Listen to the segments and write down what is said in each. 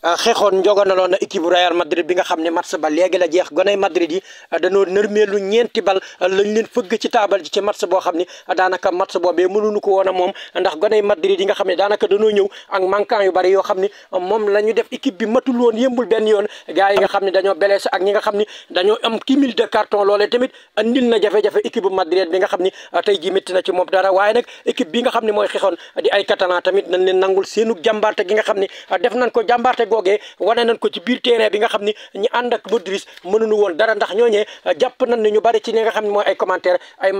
Ah, xeexoon njogonaloon na équipe Real Madrid bi nga xam ne match ba léegi a jeex gonay Madrid yi ah, dañoo ñeenti bal ah, lañ leen fëgg ci taabal ji ci match boo xam ne daanaka match boobee mënuñu ko woon a moom ndax gonay Madrid yi nga xam ne daanaka dañoo ñëw ak manquant yu bari yoo xam ne moom la def équipe bi matul woon yëmbul benn yoon gars yi nga xam ne dañoo blessé ak ñi nga xam ne dañoo am cumul de carton loolee tamit andil na jafe-jafe équipe bu Madrid bi nga xam ne tey ji métti na ci moom dara waaye nag équipe bi nga xam ne mooy xeexoon di ay tamit nañ leen nangul seenu jàmbaarte gi nga xam ne def nañ ko googee wane nañ ko ci biir terrain bi nga xam ni ñu ànd ak Modric mënuñu woon dara ndax ñooñee jàpp nañ ni ñu bari ci ñi nga xam ne mooy ay commentaire ay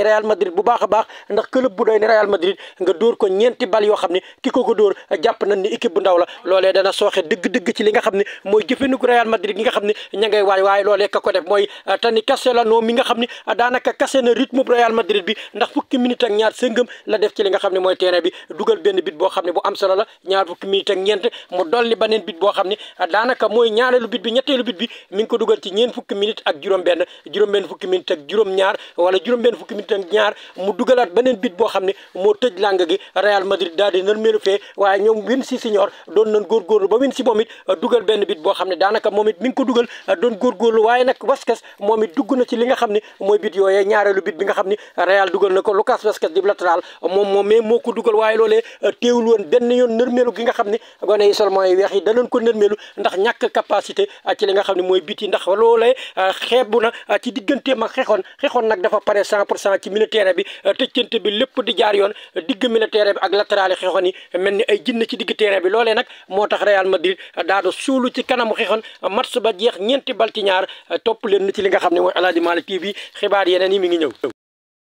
Real Madrid nga xam a ni Real doy waar waaye loolee ka ko def mooy ah, Tani Castellano mi nga xam ni ah, daanaka kase na rythme Real Madrid bi ndax fukki minute ak ñaar sëngëm la def ci li nga xam ne mooy terrain bi dugal benn bit boo xam ne bu am solo ah, daanaka mooy ñaareelu bit bi ñetteelu bit bi mi ngi ko dugal ci ñeent fukki minute ak juróom-benn juróom-benn fukki minute ak juróom-ñaar wala juróom-benn fukki minute boo xam ne moo tëj làng gi Real Madrid daal di nan melu fee waaye ñoom win si siñor doon nañ góorgóorlu ba win si moom it dugal benn bit boo xam ne daanaka moom it mi ngi ko dugal doon góorgóorlu waaye nag Vasquez moom it dugg na ci li nga xam ni mooy bit yooyee ñaareelu bit bi nga xam ni Real dugal na ko Lucas Vasquez di latéral moom moom mais moo ko dugal waaye loolee euh, teewul woon benn yoon nërmeelu gi nga xam ni gone yi seulement yi weex yi danoon ko nërmeelu ndax ñàkk capacité euh, ci li nga xam ne mooy bit yi ndax loolee euh, xeebu na ci digganteem ak xeexoon xeexoon nag dafa pare cent pour cent ci militaire bi tëccante bi lépp di jaar yoon digg militaire bi ak latéral yi xeexoon ni ay jinn ci digg terrain bi loolee nag moo tax Real Madrid daadu suulu ci kanamu bal ñaar eh, topp leen ci li nga xam ne mooy Aladji Malick TV xibaar yeneen yi mi ngi ñëw